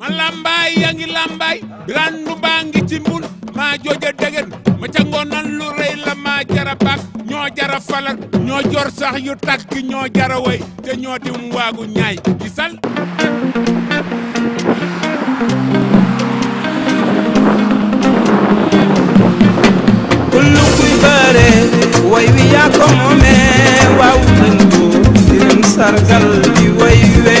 ma làmbaay yaa ngi làmbaay randu baa ngi ci mbul maa jooja degen ma ca ngoonan lu rëy la maa jara baak ñoo jara falal ñoo jor sax yu takk ñoo jara way te ñoo dim waagu ñaay gisal kullu kuy bare way wi yaa ko moome waaw nañ ko sargal di way we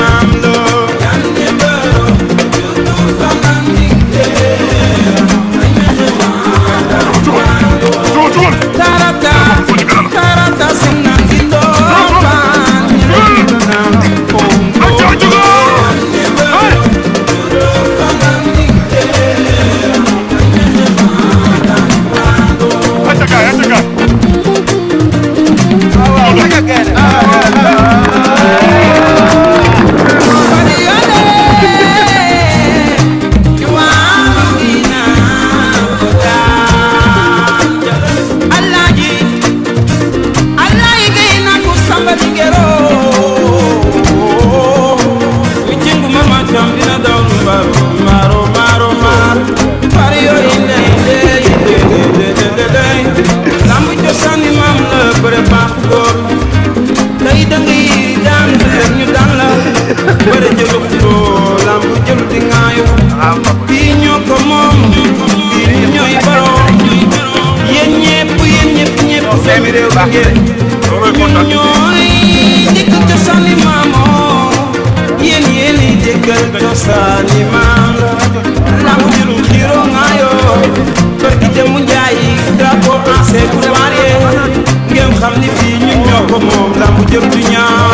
baaxu góor tey da ngay daan rek ñu daan la bëri jëlu xuloo lamb jëlu di ŋaayu kii ñoo ko moom kii ñooy baroom yéen ñëpp yéen ñëpp ñëpp seen réew ngeen ñun ñooy dikk cosaani maamoo yéen yéen i déggal cosaani xam ni fii ñun ñoo ko moom làmb jëm du ñaaw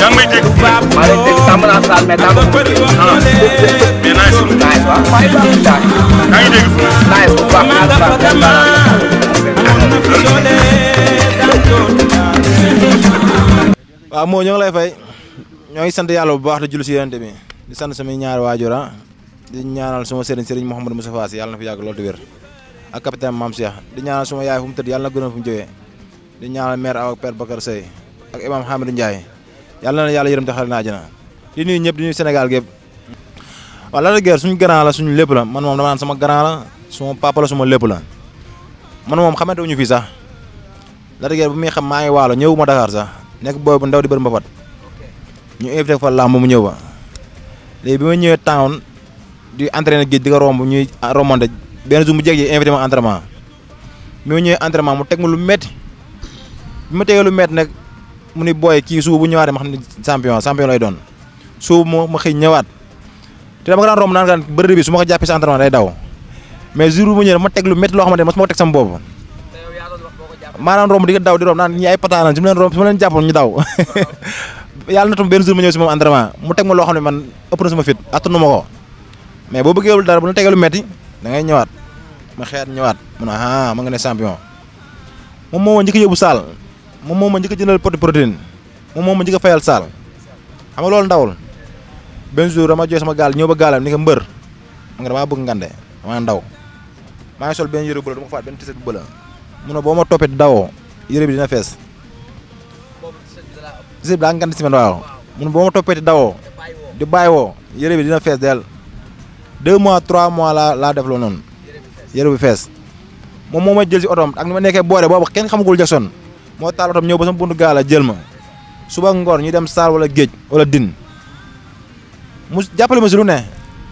yaa moo ñoo ngi lay fay ñoo ngi sant yàlla bu baax di julli si yonent bi di sant samay ñaari waajura ah. di ñaanal suma sëriñ sëriñ Mouhamadou Moustapha Sy yàlla na fi yàgg loolu di wér ak capitaine Mame di ñaanal suma yaay fu tëdd yàlla na gën a fu di ñaanal maire aw ak père Bakar Seye ak imaam Hamidou Ndiaye yàlla na yàlla yërëm te naa àjjana di nuyu ñëpp di nuyu Sénégal gépp waaw Lac de suñ suñu la suñu lépp la man moom dama naan sama grand la suma papa la suma lépp la man moom xamante wuñu fii sax Lac de Guiers bu muy xam maa ngi waalo ñëwuma Dakar sax nekk booy bu ndaw di bëri ñu invité fa mu ñëw ba bi ma ñëwee town di entraîné géej di ko romb ñuy romante benn jour mu jég ji invité ma entraînement bi ma mu teg ma lu met bi ma tegee lu métti nag mu ni booy kii suba bu ñëwaatee ma xam ne champion champion lay doon suba mu ma xëy ñëwaat te dama ko daan romb naan daan bëri bi su ma ko jàppee si entraînement day daw mais jour bu ñëwee ma teg lu métti loo xamante ne mosuma ko ma leen romb su ma leen jàppoon ñu na tam benn jour ma ñëw si moom entraînement mu teg ma loo xam ne man ëpp sama fit attanu ma ko mais boo bëggee dara bu la tegee lu métti da ngay ñëwaat ma xeeyaat ñëwaat mu ne ah ma nga ne champion moom a njëkk yóbbu saal moom moom ma njëkk a jëndal poti protéine moom moom ma njëkk a fayal saal xam jour dama jooy sama gaal ñëw ba gaalam ni ko mbër ma bëgg ngande dama benn yëre bu bu la mu ne boo ma toppee dawoo yëre bi dina fees tiset bi daa ngand boo toppee di bàyyi woo yëre bi dina fees del mois trois mois laa laa def noonu yëre bi fees moom moo ma jël si otoom ak ni ma nekkee boore boobu kenn xamagul Jackson moo taal otom ñëw ba sama buntu gaal la jël ma suba ngoor ñu dem saar wala géej wala din mu jàppale ma si lu ne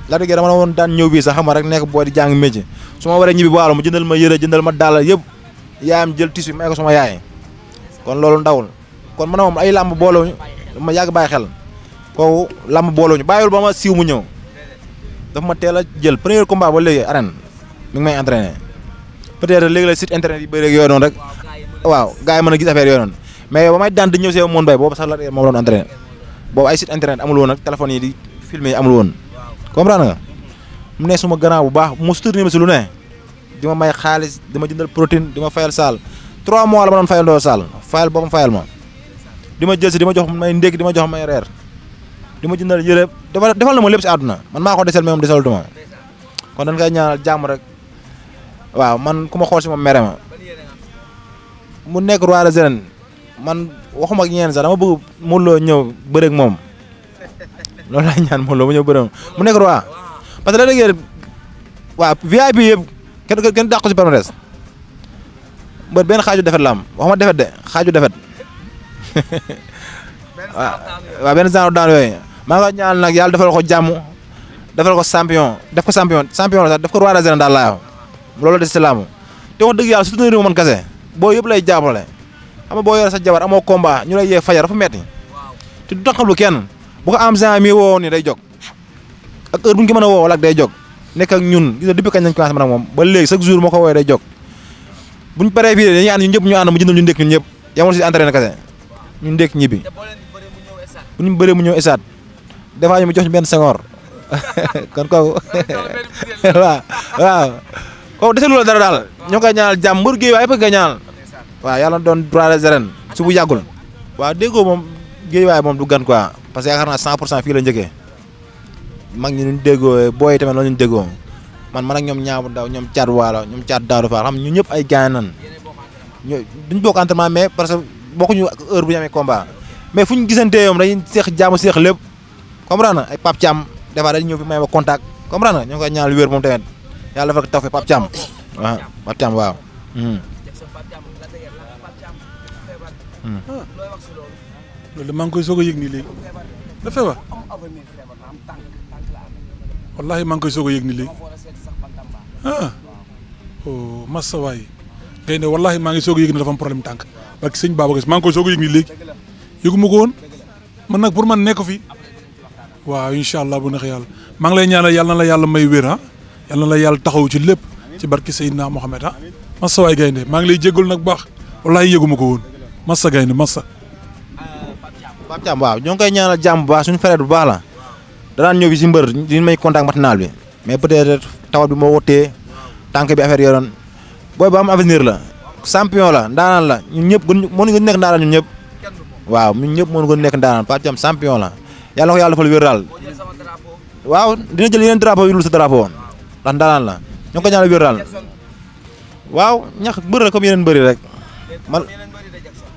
la dëgg dama woon daan ñëw bii sax xam nga rek nekk boo di jàng métier su ma waree ñibbi waalo mu jëndal ma yëre jëndal ma dàll yëpp yaayam jël tissu may ko sama yaay kon loolu ndawul kon man moom ay làmb ñu ma yàgg bàyyi xel kooku ñu boolewuñu bàyyiwul ba ma siiw mu ñëw dafa ma teel a jël premier combat ba léegi arène mi ma may entraîné peut-être léegi la site internet yi bëri yooyu rek waaw gaa yi mën a gis affaire yooyu noonu mais ba may daan di ñëw see moon bay boobu sax la moom la doon entraîné boobu ay internet amul woon ak téléphone yi di filmer yi amul woon comprendre nga mu ne suma gannaaw bu baax mu soutenir ma si lu ne di ma may xaalis di ma jëndal protéine di ma fayal saal trois mois la ma doon fayandoo saal fayal boppam fayal ma di ma jël si di ma jox may ndékki di ma jox may reer di ma jëndal yële dafa defal na ma lépp si àdduna man maa ko desel mais moom desalutuma kon dañ koy ñaanal jàmm rek waaw man ku ma xool si moom mere ma mu nekk roi des man waxuma ak ñeen sax dama bëgg Modou Lo ñëw moom loolu mu nekk roi parce que la dëggee waaw VIP yëpp kenn kenn dàqu si benn xaaju defet la am waxuma defet de xaaju defet waaw waaw benn genre daan yooyu maa nga ñaan nag yàlla defal ko jàmm defal ko champion def ko champion champion la def ko roi des arènes laa yow loolu des si laamu te wax dëgg yàlla surtout réew man kase boo yëpp lay jàppale ama boo yore sa jabar amoo combat ñu lay yee fajar dafa metti te du taxawlu kenn bu ko am gen mi woo ni day jog ak heure bu ñu ko mën a woo day jog nekk ak ñun gis nga depuis kañ lañ commencé man moom ba léegi chaque jour moo ko woowee day jog buñ paree fii dañuy ànd ñun ñëpp ñu ànd mu jëndal ñu ndékk ñun ñëpp yamul si entraîné kase ñu ndékk ñibbi bu ñu bëree mu ñëw esaat des fois mu jox ñu benn sengoor kon kooku waaw kooku dese lu la dara daal ñoo koy ñaanal jàmm mbër géey waaye yëpp koy ñaanal waaw doon droit des arènes su bu yàggul waaw déggoo moom géey waaye moom du gan quoi parce que yaakaar naa 100 pour cent fii la njëkkee mag ñi ñu déggoo booy tamit loolu ñu déggoo man man ak ñoom ñaabu ndaw ñoom caat waalo ñoom caat daaru faa ñëpp ay gaañ nan ñu duñ bokk entraînement mais parce que bokkuñu heure bu ñu amee combat mais fu ñu gisantee yoom dañuy seex jaamu seex lépp comprendre na ay Pape Thiam des fois dañuy ñëw fi may ma contact comprendre na ñoo ngi koy ñaanal wér moom yàlla dafa taw fe Pape Thiam waaw Pape Thiam waaw hmm. Hmm. loolu maa ngi koy soog a yëg léegi da feebar wallahi maa koy soog a yëg nii léegi ah oh massa waay na wallahi maa ngi soog a yëg ne tànk parce que sëñ Babacar maa ngi koy soog a yëg nii léegi yëguma ko woon man nag pour man nekk fi waaw incha allah bu neex yàlla maa ngi lay ñaanal yàlla la yàlla may wér ah yal na la yàlla taxaw ci lépp ci barki Seydina Mohamed ah massa waay gaynde maa ngi lay jéggul nag baax walaay yëguma ko woon massa gaynde massa Pape Thiam waaw ñoo ngi koy ñaanal jàmm bu baax suñu frère bu baax la danaan ñëw si mbër di may contact matinal bi mais peut-être tawat bi moo wottee tànk bi affaire yoroon booy ba am avenir la champion la ndaanaan la ñu ñëpp gën mën nga nekk ndaanaan ñun ñëpp waaw nekk ndaanaan Pape Thiam champion la yàlla na ko yàlla defal wér daal ndax ndaanaan la ñoo ngi ko ñaanal wér daal waaw ñax bëri la comme yeneen bëri rek man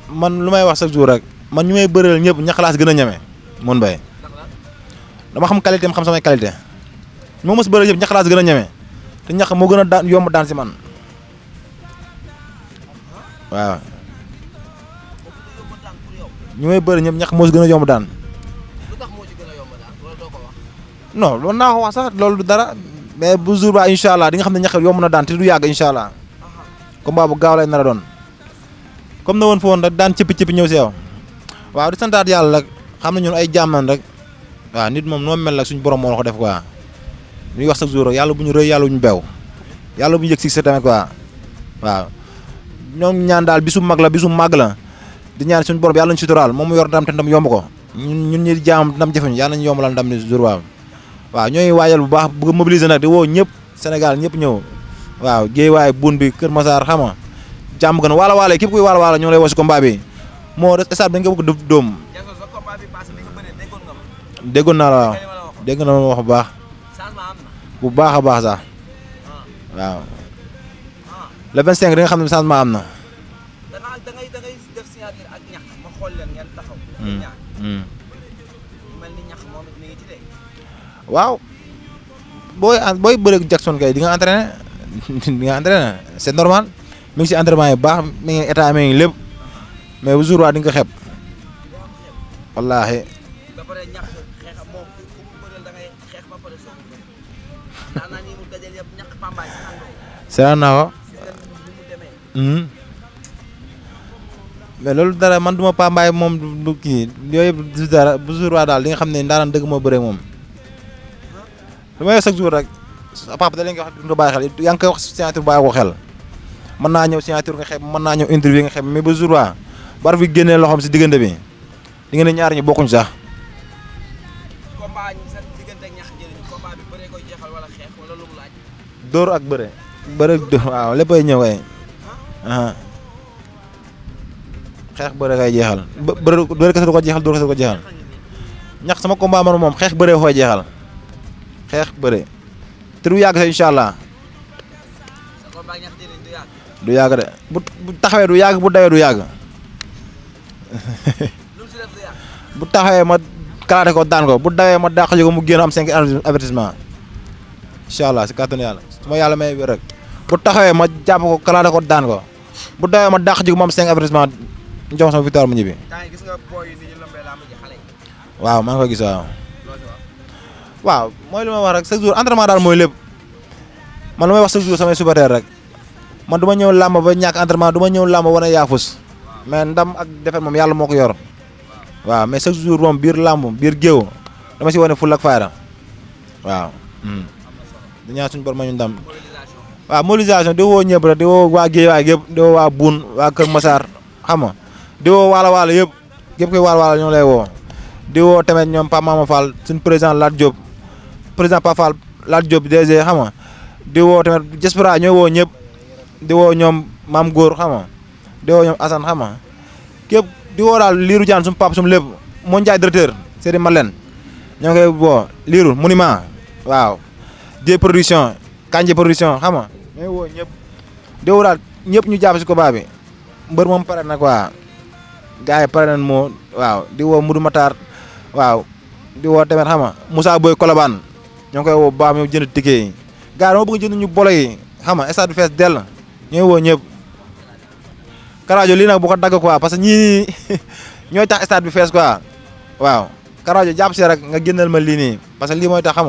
man lu may wax chaque jour rek man ñu may bëreel ñëpp ñax si gën a ñeme mun bay dama xam qualité ma xam samay qualité moo mos bëreel ñëpp ñax laas gën a ñeme te ñax moo gën a daan yomb daan si man waaw ñu may bëri ñëpp ñax moo si gën a yomb daan non loolu naa ko wax sax loolu dara. mais bu jour ba incha allah di xam ne ñaxal yomb na daan te du yàgg incha allah combat bu gaaw lay na a doon comme na woon foon woon rek daan cëppi cëppi ñëw si yow waaw di santaat yàlla rek xam ne ñun ay jàmman rek waaw nit moom noo mel nag suñu borom moo la ko def quoi ñuy wax sa jour yàlla bu ñu rëy yàlla ñu bew yàlla bu ñu yëg si sa waaw ñoom ñaan daal bisu mag la bisu màgg la di ñaan suñu borom yàlla ñu suturaal moom mu yor ndam te ndam yomb ko ñun ñun ñi jaam ndam jëfeñu yàlla nañu yombalal ndam ni jour waaw waaw ñooy waajal bu baax bëgg mobiliser nag di woo ñëpp senegal ñëpp ñëw waaw Guédiawaye bun bi Kër Massar xam nga jàmm wala waala waale képp kuy waala waala ñoo lay woo moo des stade bi ko bëgg dëpp dóom déggoon naa la waaw dégg na ma wax bu baax bu baax a baax sax ah. waaw ah. le 25 di nga xam ne na. da ngay da ngay def waaw booy booy bëreeg Jackson kay di nga entraîné di nga entraîné c'est normal mi ngi si entraînement yi baax mi ngi état mi ngi lépp mais bu jour waa di nga ko xeeb wallaahi. seetaan hmm. loolu dara man duma pambaay moom du kii yooyu yëpp du dara bu jour waa daal di nga xam ne ndaanaan dëgg moo bëree moom li may chaque jour rek papa da leen koy wax du bàyyi xel yaa ngi koy wax signature bàyyi ko xel mën naa ñëw signature nga xeeb mën naa ñëw interview nga xeeb mais ba jour bar fi génnee loxoom si diggante bi ñaar ñi bokkuñ sax. combat ak bëre. bëre waaw léppay ñëw kay. xeex bëre kay jeexal bëre kese ko jeexal dóor kese du ko jeexal ñax sama combat man moom xeex bëree koy jeexal. xeex bëre te du yàgg sa incha allah du yàgg de bu taxawee du yàgg bu dawee du yàgg bu taxawee ma kalaate ko daan ko bu dawee ma dàq ji ko mu génn am cinq avertissement incha allah si kàttanu yàlla su ma yàlla may wér rek bu taxawee ma jàpp ko kalaate ko daan ko bu dawee ma dàq ji ko mu am cinq avertissement ñu jox sama victoire mu ñibbi waaw maa ngi koy gis waaw waaw mooy lu ma wax rek chaque jour entraînement daal mooy lépp man lu wax chaque jour samay supporter rek man du ma ñëw làmb ba ñàkk entraînement du ma ñëw làmb wane yaafus mais ndam ak defet moom yàlla moo ko yor waaw mais chaque jour moom biir làmb biir géew dama si wane ful ak fayda waaw. Hmm. di ñaan suñu bor di woo ñëpp di woo waa Guédiawaye yëpp di woo waa Boune waa Kër Massar xam nga di woo waala waala yëpp yëpp koy waala waala ñoo lay woo di woo tamit ñoom Pape Mama Fall suñu Lat Diop. président Pafal Lat Diop DG xam nga di Jaspera ñooy woo ñëpp di ñoom maam góor xam nga di woo ñoom Assane xam nga képp di woo daal liiru jaan sumu pap sumu lépp moo njaay directeur Seydi Malen ñoo ngi koy liiru monument waaw Dieye production Kanji production xam nga woo ñëpp di daal ñëpp ñu jàpp si combat bi mbër moom pare na quoi gars yi pare moo waaw di woo Mudu waaw di woo tamit xam nga Moussa ñoo ngi koy woo bu mi jënd ticket yi gars dama bëgg jënd ñu bolo xam nga stade bi fees dell ñooy woo ñëpp lii nag bu ko dagg parce que ñii ñooy tax stade bi fees quoi waaw Karajo jàpp si rek nga génnal ma lii nii parce que lii mooy tax xam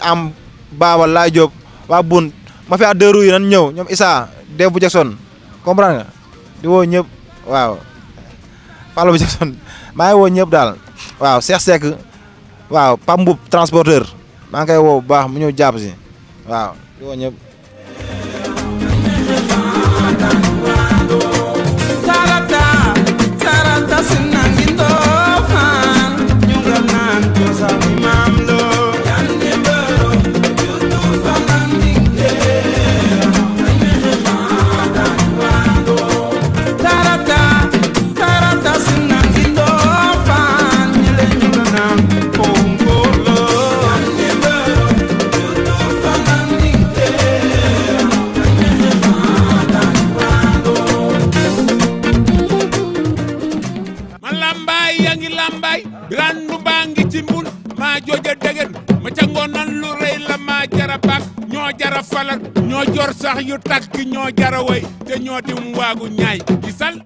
am baaba laay jóob waa bun ma fi à deux roues yi nan ñëw ñoom Issa Dave bu Jackson comprendre di woo ñëpp waaw Fallou bu Jackson maa woo ñëpp daal waaw Cheikh Seck waaw Pam Mboub maa ngi koy woo bu baax mu ñëw jàpp si waaw di woo ñëpp sarata sarata sinangindoo fan ñu nga naan cosaan ñu tagg ñoo jaraway te ñoo dim ñaay